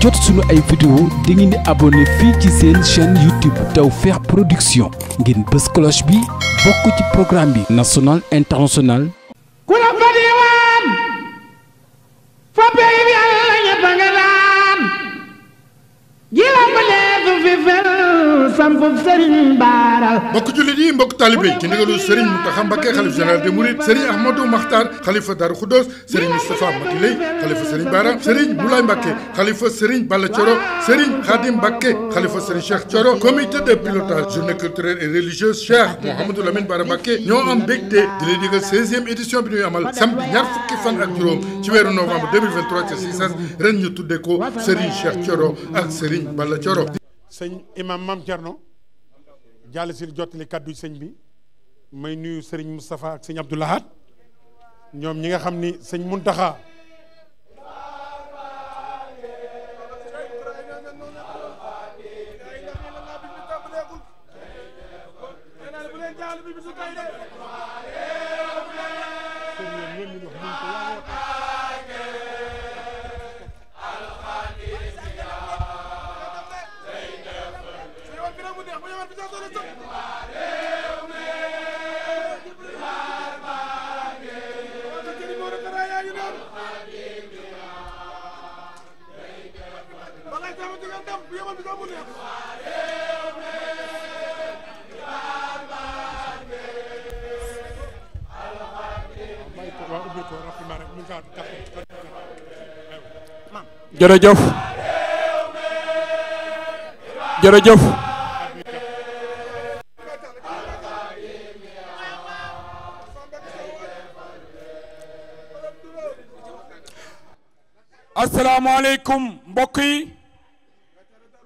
jot suñu ay vidéo da ngeen di abonné fii ci seen chaîne YouTube Tawfekh Production ngeen bës cloche bi bokk ci programme bi national international ku la fa diwaan fa pey Yàlla ñëpp nga daan ji mbokk jullit yi mbokk taalibe yi ci ndigalu Serigne Mountakha Mbacké xalif général des Mourides Serigne Ahmadou Makhtar xalifa Darou Khoudoss Serigne Moustapha Mati Lay xalifa Serigne Bara Serigne Moulay Mbacké xalifa Serigne Balla Thioro Serigne Khadim Mbacké xalifa Serigne Cheikh Thioro de pilotage journée culturelle et religieuse Cheikh Mouhamadou Lamine Bara Mbacké ñoo am mbégte di leen digal 16e édition bi ñuy amal samedi ñaar fukki fan ak juróom ci weeru novembre 2023 ci Cissas ren ñu tuddee ko Serigne Cheikh Thioro ak Serigne Balla Thioro sëñ imam Mam Thierno jàll si jottali kaddu sëñ bi may nuyu sëriñ Moustapha ak sëñ Abdoulahat ñoom ñi nga xam ni sëñ Muntaxa ñoom jërëjëf jërëjëf asalaamaaleykum mbokk yi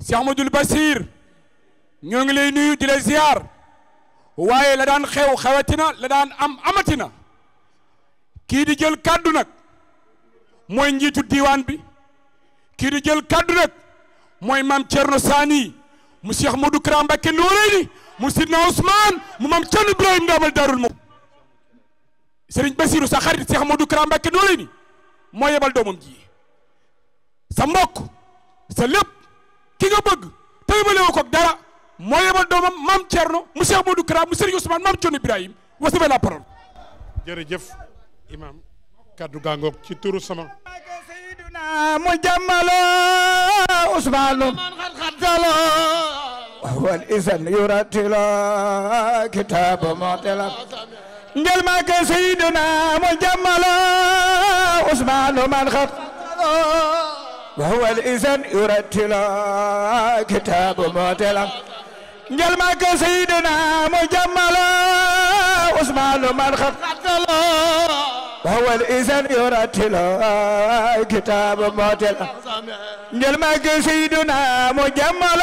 Cheikh Ahmadoul Basir ñoo ngi lay nuyu di la ziar waaye la daan xew xewatina la daan am amatina kii di jël kàddu nag mooy njiitu diiwaan bi kii di jël kàddu nag mooy maam Thierno Sani mu Cheikh Modou Kara Mbacké Noreyni mu Sidna Ousmane mu maam Thierno Ibrahim Ndamal Darul Mouhty Serigne Bassirou sa xarit Cheikh Modou Kara Mbacké Noreyni moo yebal doomam ji sa mbokk sa lépp ki nga bëgg te yebalewu ko dara moo yebal doomam maam Thierno mu Cheikh Modou Kara mu Serigne Ousmane maam Thierno Ibrahim vous avez la parole. imaam kaddu gàngoog ci turu sama sayyiduna mu jammalo usmanu xatalo wal isan yuratila kitaba motela njël ma ke sayyiduna mu jammalo usmanu man xatalo wal isan yuratila kitaba motela njël ma ke sayyiduna mu jammalo usmanu man xatalo وهو الإنسان يرتل كتاب موتل جل ما سيدنا مجمل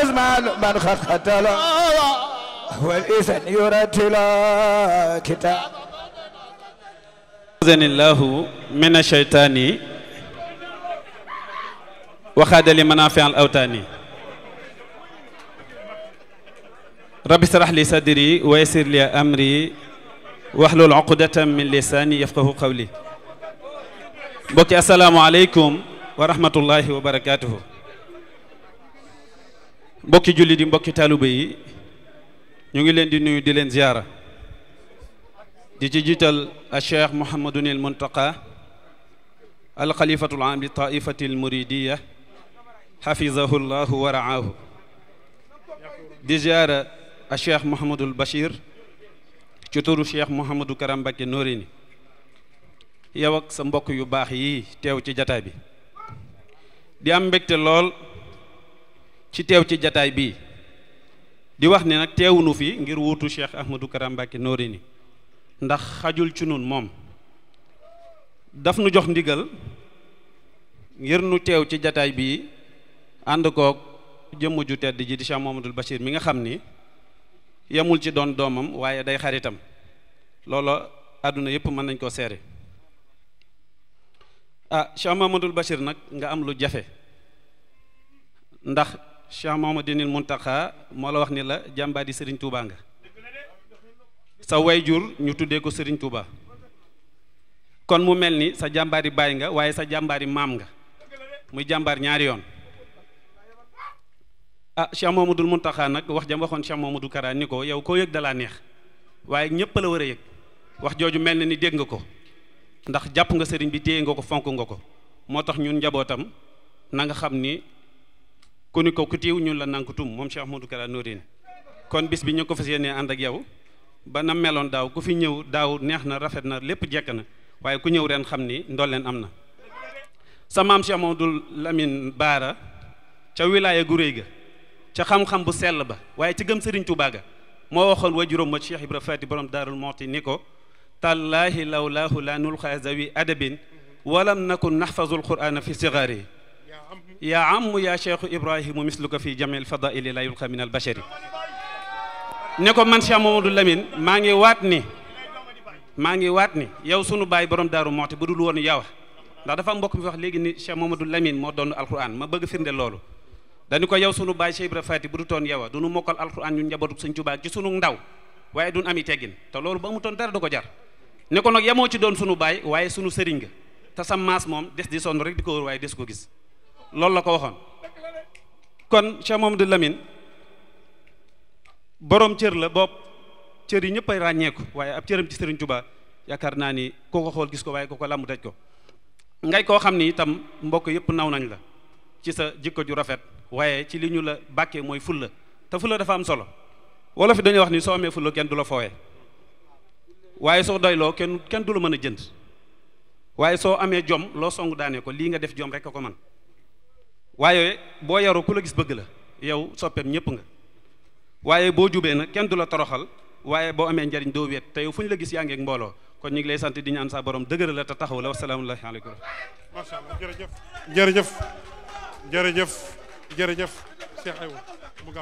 عثمان من خطل وهو الإنسان يرتل كتاب أعوذني الله من الشيطان وخاد لي منافع الأوتان رب اشرح لي صدري ويسر لي أمري waxlul uqdatan min lisaani yafqahu qawli mbokki asalaamaaleykum wa rahmatullahi wa barakaatuhu mbokki julli di mbokki taaliba yi ñu ngi leen di nuyu di leen ziyaara di ci jiital a cheikh mouhamadunil muntaqa alxalifatu l aam li taifati l muridiya xafizahu llahu wa raahu di ziyaara a cheikh mouhamadul bachir ci turu cheikh mouhamadou karam Mbacké Noreyni yow ak sa mbokk yu baax yi teew ci jataay bi di am mbégte lool ci teew ci jataay bi di wax ni nag teewunu fi ngir wuutu cheikh ahmadou karam Mbacké Noreyni ndax xajul ci nun moom daf nu jox ndigal ngir nu teew ci jataay bi ànd koog jëmm ju tedd ji di Cheikh Mouhamadoul Bachir mi nga xam ni yamul ci doon doomam waaye day xaritam loolo àdduna yëpp mën nañ koo seere ah Cheikh Mamadul Bachir nag nga am lu jafe ndax Cheikh Mamadinil Muntaxa moo la wax ni la jàmbaari Serigne Touba nga sa way jur ñu tuddee ko Serigne Touba kon mu mel ni sa jàmbaari baay nga waaye sa jàmbaari maam nga muy jàmbaar ñaari yoon ah Cheikh Mamadou Mountakha nag wax jam waxoon Cheikh Mamadou Kara ni ko yow koo yëg dalaa neex waaye ñëpp la war a yëg wax jooju mel na ni dégg nga ko ndax jàpp nga sëriñ bi téye nga ko fonk nga ko moo tax ñun njabootam na nga xam ni ku ni ko ku tiiw ñu la nank tum moom Cheikh Mamadou Kara Noreyni kon bis bi ñu ko fas yéenee ànd ak yow ba na meloon daaw ku fi ñëw daaw neex na rafet na lépp jekk na waaye ku ñëw ren xam ni leen am na sa maam Cheikh Mamadou Baara ca wilaaya gu réy ga ca xam-xam bu sell ba waaye ci gëm sëriñ Tuubaa ga moo waxoon wa juróom ma Cheikh Ibra Faati borom daarul mooti ni ko tallaahi lawlaahu la nulqa zawi adabin walam nakun naxfazul qur'ana fi sigaari ya am yaa cheikhu ibrahimu misluka fi jamil fadaili la yulqa min al bashari ne ko man Cheikh Mamadou Lamine maa ngi waat ni maa ngi waat ni yow sunu baay borom daar mooti bu dul woon yow ndax dafa mbokk mi wax léegi ni Cheikh Mamadou Lamine moo doon alquran ma bëgg firnde loolu dañu ko yow sunu baay Cheikh Ibra Faati bu du toon yow a du nu mokkal alxuraan ñun njabootu sañ Tuubaa ci sunu ndaw waaye duñ ami teggin te loolu ba toon dara du ko jar ne ko nag yemoo ci doon sunu baay waaye sunu sëriñ nga te sa maas moom des di sonn rek di ko wër ko gis loolu la ko waxoon kon moom Mamadou Lamine borom cër la bopp cër yi ñëpp ay ràññeeku waaye ab cëram ci sëriñ Tuubaa yaakaar naa ni koo ko xool gis ko waaye ko ko làmb daj ko ngay koo xam ni itam mbokk yëpp naw nañ la ci sa jikko ju rafet waaye ci li ñu la bàkkee mooy fulla te fulla dafa am solo wolofi dañu wax ni soo amee fulla kenn du la foowee waaye soo doyloo kenn kenn du la mën a jënd waaye soo amee jom loo song daanee ko lii nga def jom rekk a ko man waaye boo yaru ku la gis bëgg la yow soppeem ñëpp nga waaye boo jubee na kenn du la toroxal waaye boo amee njariñ doo wéet te yow fu ñu la gis yaa ngeeg mbooloo kon ñu ngi lay sant di ñaan sa borom dëgëral la te taxaw la wasalaamu aleykum. jërëjëf Cheikh Aywa mu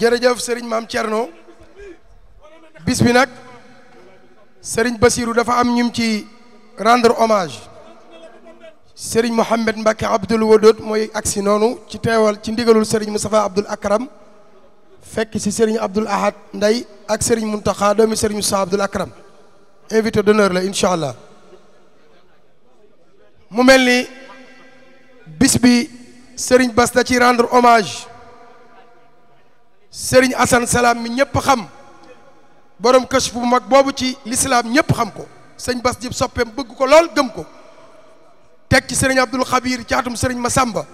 jërëjëf Serigne Maam Thierno bis bi nag Serigne Bassirou dafa am ñum ci rendre hommage Serigne Mohamed Mbacke Abdoul Wadoud mooy agsi noonu ci teewal ci ndigalul Serigne Moustapha Abdoul Akram fekk si Serigne Abdoul Ahad Nday ak Serigne Mountakha doomi Serigne Moustapha Abdoul Akram invité d'honneur la incha allah mu mel ni bis bi. Serigne Bass da ci rendre hommage sëriñ Assane Salam mi ñëpp xam boroom kës bu mag boobu ci lislaam ñëpp xam ko sëñ Bass Jib soppeem bëgg ko lool gëm ko teg ci Serigne Abdoul Khabir caatum Serigne Massamba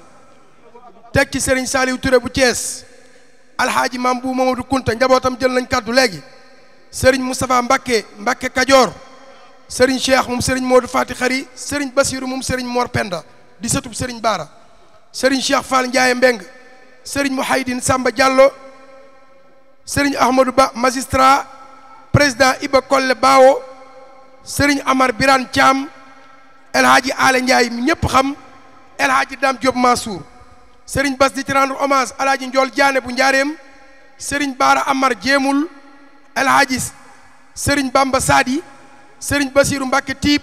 teg ci sëriñ Saliou ture bu Thiès alhaaji maam bu Mamadou Kunta njabootam jël nañ kàddu léegi Serigne Moustapha Mbacké mbakke Kajoor Serigne Cheikh moom sëriñ Modou Fati Khari Serigne Bassirou moom Serigne Mor Penda di sëtub sëriñ Baara sëriñ Cheikh Fall Ndiaye Mbeng sëriñ Mouhaydine Samba Diallo sëriñ Ahmadou Ba magistrat président Iba Kolle Bawo sëriñ Amar Birane Thiam El Hadji Ale Ndiaye mi ñëpp xam El Hadji Dame Diop Mansour sëriñ Bas di ci rendre hommage El bu Njaareem sëriñ Baara Amar Jéemul El Hadji sëriñ Bamba Sadi sëriñ Basiiru Mbàkke Tiib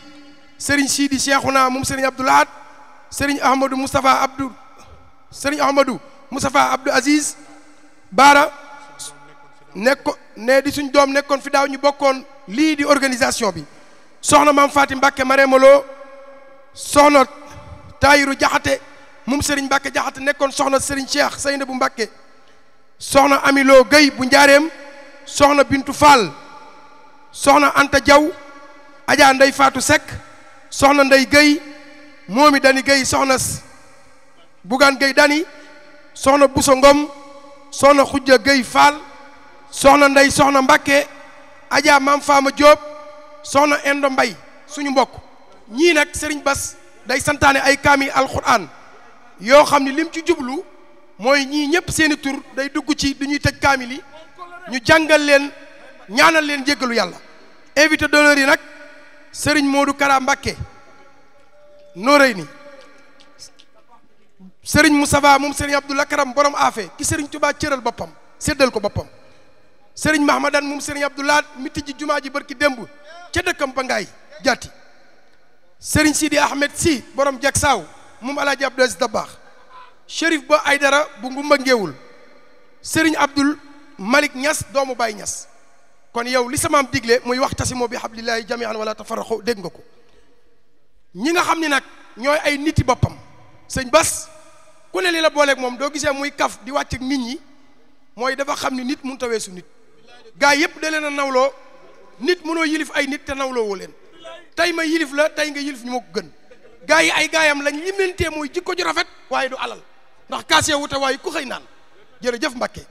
sëriñ Sidi Cheikhouna moom sëriñ Abdoulaat sëriñ ahmadou moustapha abdou sëriñ ahmadou moustapha abdou aziz baara nekko ne di doom nekkoon fi daaw ñu bokkoon lii di organisation bi soxna maam faati mbàkke mareemaloo soxna taayiru jaxate moom sëriñ mbàkke jaxate nekkoon soxna sëriñ cheikh sayna bu mbàkke soxna amiloo gëy bu njaareem soxna bintu fall soxna anta jaw ajaa ndey faatu sekk soxna nday gëy moom it dañuy soxna Bougane Gueye dani soxna Bousso Ngom soxna Khoudia Gueye Fall soxna nday soxna Mbakke Adja Maam Faama Diop soxna Endo Mbay suñu mbokk ñii nag Serigne Bass day santaane ay kaami alquran yoo xam ne lim ci jublu mooy ñii ñëpp seeni tur day dugg ci du ñuy tëj kaami li ñu jàngal leen ñaanal leen jéggalu yàlla invité d'honneur yi nag Serigne Modou Kara Mbakke nooréy ni sëriñ Moustapha moom sëriñ Abdoul Akram borom aafe ki sëriñ Touba cëral boppam séddal ko boppam sëriñ Mahamadan moom sëriñ Abdoulaat mi tijji jumaa ji barki démb ca dëkkam ba ngaay jaati sëriñ Sidi Ahmed si borom jak saaw moom alaaji Abdou Aziz Dabakh Chérif ay Aydara bu ngumba ngeewul sëriñ Abdoul Malik Ñas doomu Baay Ñas kon yow li samaam digle muy wax tasimo bi hablillahi jamian wala tafarraqu dégg nga ko ñi nga xam ni nag ñooy ay niti boppam sëñ bas ku ne li la booleeg moom doo gisee muy kaf di wàcc nit ñi mooy dafa xam ni nit mun tawee su nit gaa yëpp da leen a nawloo nit mënoo yilif ay nit te nawloo woo leen tey ma yilif la tey nga yilif ñu ma ko gën gaa yi ay gaayam lañ limantee mooy jikko ju rafet waaye du alal ndax kaasee wute waaye ku xëy naan jërëjëf Mbàkke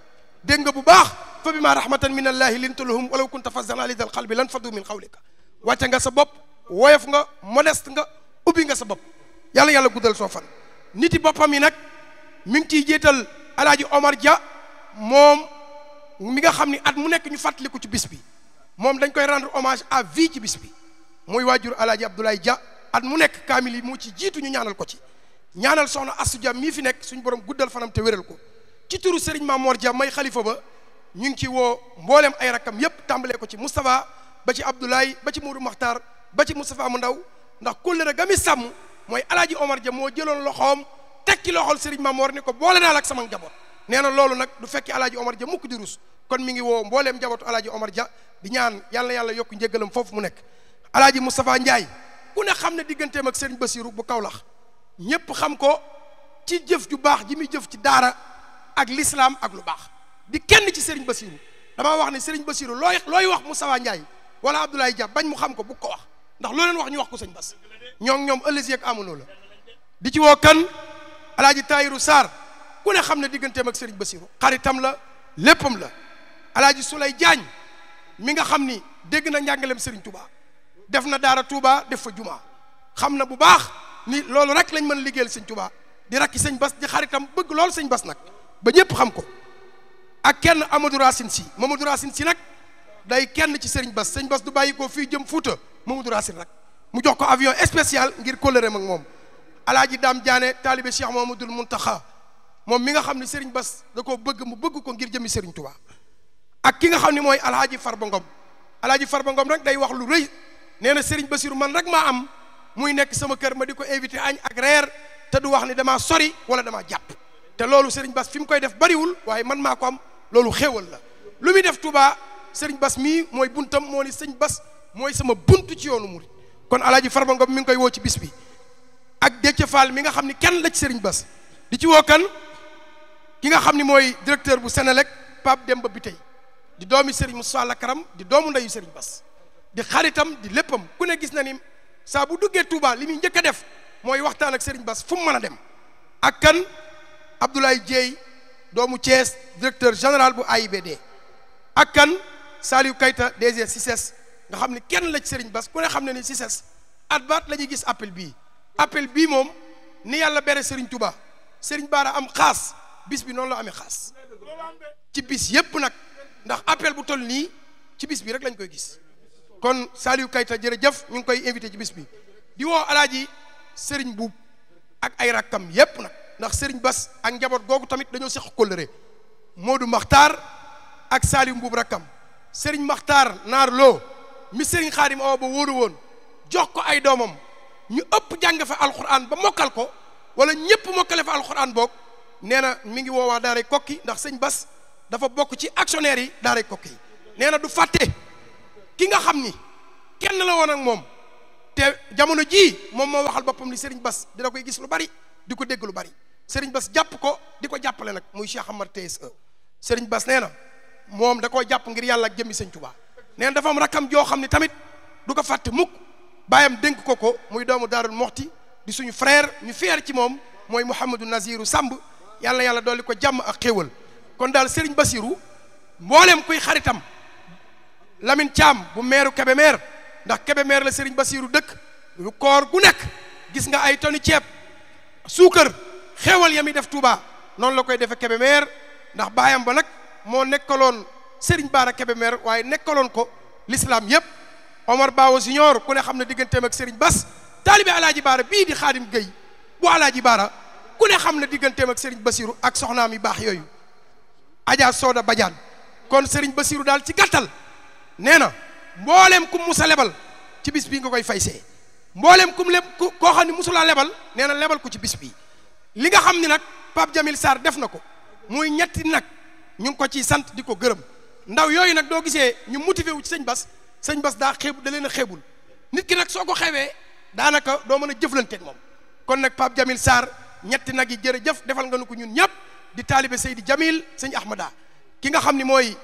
dégg nga bu baax fa bi ma rahmatan min allaahi linta lahum walaw kunta fazzan alizal qalbi lan faddu min xawlika wàcce nga sa bopp woyof nga modeste nga ubbi nga sa bopp yàlla yàlla guddal soo fan niti boppam yi nag mi ngi ciy jéetal alaaji Omar Dia moom mi nga xam ni at mu nekk ñu fàttaliku ci bis bi moom dañ koy rendre hommage à vie ci bis bi muy waajur alaaji Abdoulaye Dia at mu nekk kaamil yi moo ci jiitu ñu ñaanal ko ci ñaanal soxna Astou Dia mii fi nekk suñu borom guddal fanam te wéral ko ci turu Serigne Mamor Dia may xalifa ba ñu ngi ci woo mboolem ay rakkam yépp tàmbalee ko ci Moustapha ba ci Abdoulaye ba ci Mourou Makhtar ba ci Moustapha mu ndaw ndax kóllëre ga mi sàmm mooy alaaji Omar ja moo jëloon loxoom tekki loxol Serigne Mamor ni ko boole daal ak sama njaboot nee na loolu nag du fekki alaaji Omar ja mukk di rus kon mi ngi woo mbooleem njabootu alaaji Omar ja di ñaan yàlla yàlla yokk njëgalam foofu mu nekk alaaji Moustapha Ndiaye ku ne xam ne digganteem ak Serigne Bassirou bu Kaolack ñépp xam ko ci jëf ju baax jimi jëf ci daara ak lislaam ak lu baax di kenn ci Serigne Bassirou damaa wax ne Serigne Bassirou looy looy wax Moustapha Ndiaye wala Abdoulaye Dia bañ mu xam ko bu ko wax ndax looleen wax ñu wax ko sëñ Bas ñoo ñoom ëllëg ak amunoo la di ci woo kan alaaji Tayiru Sarr ku ne xam ne digganteem ak Serigne Bassirou xaritam la léppam la alaaji Souley jaañ mi nga xam ni dégg na njàngaleem Serigne Touba def na daara Touba def fa juma xam na bu baax ni loolu rek lañ mën liggéeyal sëñ tubaa di rakki sëñ Bas di xaritam bëgg lool sëñ Bas nag ba ñëpp xam ko ak kenn Amadou Racine si Mamadou Racine si nag day kenn ci Serigne Bas sëñ Bas du bàyyi ko fii jëm Fuuta Mamadou Racine nag mu jox ko avion spécial ngir kóllëre mag moom alaaji daam jaane taalibe Cheikh Mamadou Muntaxa moom mi nga xam ne Serigne Bas da koo bëgg mu bëgg ko ngir jëmi Serigne Touba ak ki nga xam ni mooy alaaji Farba Ngom alaaji Farba Ngom nag day wax lu rëy nee na Serigne Bassirou man rek maa am muy nekk sama kër ma di ko invité añ ak te du wax ni damaa sori wala damaa jàpp te loolu Serigne Bas fi mu koy def bariwul waaye man maa ko am loolu xéewal la lu muy def Touba Serigne Bas mii mooy buntam moo ni sëñ Bas mooy sama bunt ci yoonu murit kon alaaji Farba Ngom mi ngi koy woo ci bis bi ak Déthié Fall mi nga xam ni kenn la ci Serigne Bass di ci woo kan ki nga xam ni mooy directeur bu Senelec Pape Demba Bitèye di doomi Serigne Moussa Lakaram di doomu ndeyu Serigne Bass di xaritam di léppam ku ne gis na ni saa bu duggee tuubaa li muy njëkk a def mooy waxtaan ak Serigne Bass fu mu mën a dem ak kan Abdoulaye Dieye doomu Thiès directeur général bu AIBD ak kan Saliou Kayta DG CICES nga xam ne kenn la ci Serigne Bass ku ne xam ne ni Cissesse at baat la ñuy gis appel bii appel bii moom ni yàlla bere Serigne Touba Serigne Bara am xaas bis bi noonu la amee xaas ci bis yépp nag ndax appel bu toll nii ci bis bi rek lañ koy gis kon Saliou Kayta jërëjëf ñu ngi koy invité ci bis bi di woo alaaji Serigne Buub ak ay rakkam yépp nag ndax Serigne bas ak njaboot googu tamit dañoo seq kóllëre Modou Makhtar ak Saliou Mbuub rakkam Serigne Makhtar Naar Lo mi sëriñ xaari awa ba wóoru woon jox ko ay doomam ñu ëpp jàng fa alxuraan ba mokkal ko wala ñëpp mokkale fa alxuraan boog nee na mi ngi woowaa daaray kokki ndax sëñ bas dafa bokk ci actionnaire yi daaray kokki yi nee na du fàtte ki nga xam ni kenn la woon moom te jamono jii moom moo waxal boppam li sëriñ bas dina koy gis lu bari di ko dégg lu bari sëriñ bas jàpp ko di ko jàppale nag muy Cheikh Amar TSE sëriñ bas nee na moom da koo jàpp ngir yàlla ak jëmmi sëñ neen dafa am rakkam joo xam ne tamit du ko fàtte mukk baayam dénk ko ko muy doomu daarul moxti di suñu frère ñu fier ci moom mooy Mouhamadou Nazirou Samb yàlla yàlla dolli ko jàmm ak xéewal kon daal Serigne Bassirou mbooleem kuy xaritam Lamine Thiam bu meeru Kébémer ndax Kébémer la sëriñ Bassirou dëkk lu koor gu nekk gis nga ay toni ceeb suukar xéewal ya muy def tuuba noonu la koy defe Kébémer ndax baayam ba nag moo nekkaloon Serigne Bara Kébémer waaye nekkaloon ko l'islam yëpp Omar Bawo Siñoor ku ne xam na digganteem ak Serigne Bas taalibe Alaaji Baara bii di Xaadim Gueye bu Alaaji Baara ku ne xam na digganteem ak Serigne Basiru ak soxnaam yu baax yooyu Adja Soda Badiane kon Serigne Basiru daal ci gàttal nee na mbooleem ku musa lebal ci bis bii nga koy faysee mbooleem kum leb ku koo xam ne musulaa lebal nee na lebal ko ci bis bi li nga xam ni nag Pape Jamil Sarr def na ko muy ñetti nag ñu ngi ko ciy sant di ko gërëm ndaw yooyu nag doo gisee ñu motivé wu ci sëñ bas sëñ bas daa xeeb da leen a xeebul nit ki nag soo ko xewee daanaka doo mën a jëflanteeg moom kon nag Pape Jamil Sarr ñetti nag yi jëf defal nga nu ko ñun ñëpp di taalibe Seydi Jamil sëñ Ahmada ki nga xam ni mooy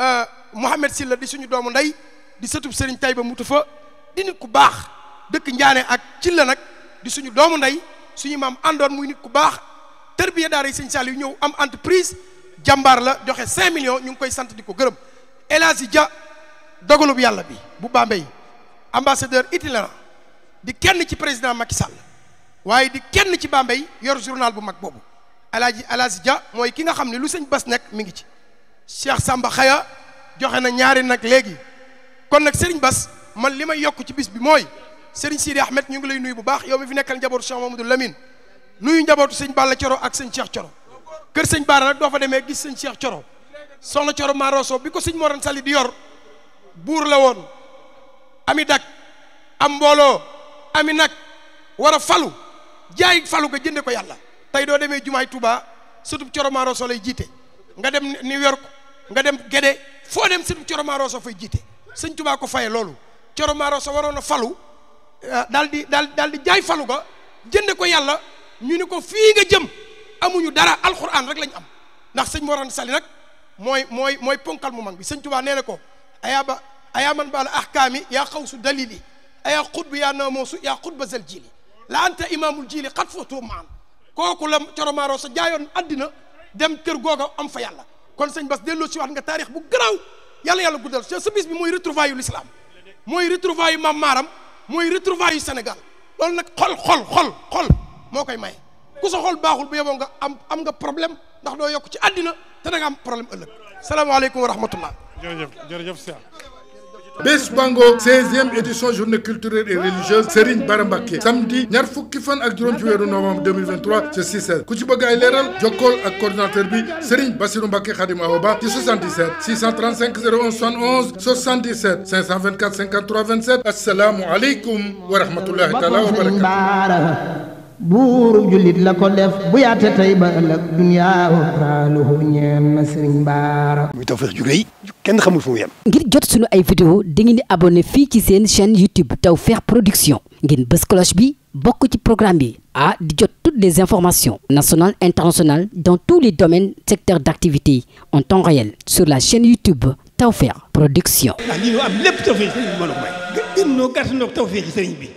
euh, Mouhamed Silla di suñu doomu ndey di sëtub sëriñ Tayba mutu fa di nit ku baax dëkk Njaane ak ci nag di suñu doomu ndey suñu maam àndoon muy nit ku baax tërbiya daara yi sëñ Saliou ñëw am entreprise jàmbaar la joxe 5 millions ñu ngi koy sant di ko gërëm El Hadji Dia bu yàlla bi bu Bambey ambassadeur itinérant di kenn ci président Macky Sall waaye di kenn ci Bambey yor journal bu mag boobu El Hadji ja mooy ki nga xam ne lu sëñ Bas nekk mi ngi ci Cheikh Samba Xaya joxe na ñaari nag léegi kon nag Serigne Bas man li may yokk ci bis bi mooy Serigne Sidi Ahmed ñu ngi lay nuy bu baax yow mi fi nekkal njabootu Cheikh Mamadou Lamine nuyu njaboot sëñ Balla Coro ak sëñ Cheikh Coro kër sëñ Baara doo fa demee gis sëñ Cheikh Coro soxna Coro Maroso bi ko sëñ Moran Sali di yor buur la woon ami dak am mbooloo ami nag war a falu jaay falu nga ko yàlla tey doo demee jumaay Touba sutub Coro Maroso jiite nga dem New York nga dem Gede foo dem sutub Coro Maroso sëñ Touba ko faye loolu Coro Maroso waroon a falu eh, daal di daal daal di jaay falu nga jënde ko yàlla ñu ni ko fii nga jëm amuñu dara alxuraan rek lañ am ndax sëñ Mor Anta Sali nag mooy mooy mooy ponkal mu mag bi sëñ Tuubaa nee na ko ayaa ba ayaa man baala ahkaami yaa xaw su dalili ayaa xutbu yaa naamoosu yaa xutba zal jili la anta imaamul jili xat footoo maan kooku la coromaaroo sa jaayoon àddina dem kër googa am fa yàlla kon sëñ Bas delloo si waat nga taarix bu garaaw yàlla yàlla guddal sa bis bi mooy retrouvailles yu l'islam mooy retrouvailles yu maam maaram mooy retrouvailles yu Sénégal loolu nag xol xol xol xol moo koy maye ku so xol baaxul bu yeboo nga am am nga problème ndax doo yokk ci àddina te da nga am problème ëllëg salaamaaleykum wa rahmatullah jërëjëf jërëjëf Cheikh bés bango 16e édition journée culturelle et religieuse Serigne Bara Mbacké samedi ñaar fukki fan ak juróom ci weeru novembre 2023 ci 6 ku ci bëgg ay leeral jokkool ak coordinateur bi Serigne Bassirou Mbacké Khadim Awa Ba ci 77 635 01 71 77 524 53 27 asalaamualeykum wa rahmatullahi taala wa barakatu buuru jullit la ko def bu yaate tey ba ëllëg dunyaa waxraaluhu ñeen na baara muy tawfeex ju rëy kenn xamul fu mu ngir jot sunu ay vidéo dangeen di abonné fii ci seen chaîne YouTube Tawfekh Production ngeen bës bi bokk ci programme bi ah di jot toutes les informations national internationales dans tous les domaines secteurs d'activité en temps réel sur la chaîne YouTube Tawfekh Production. ah lii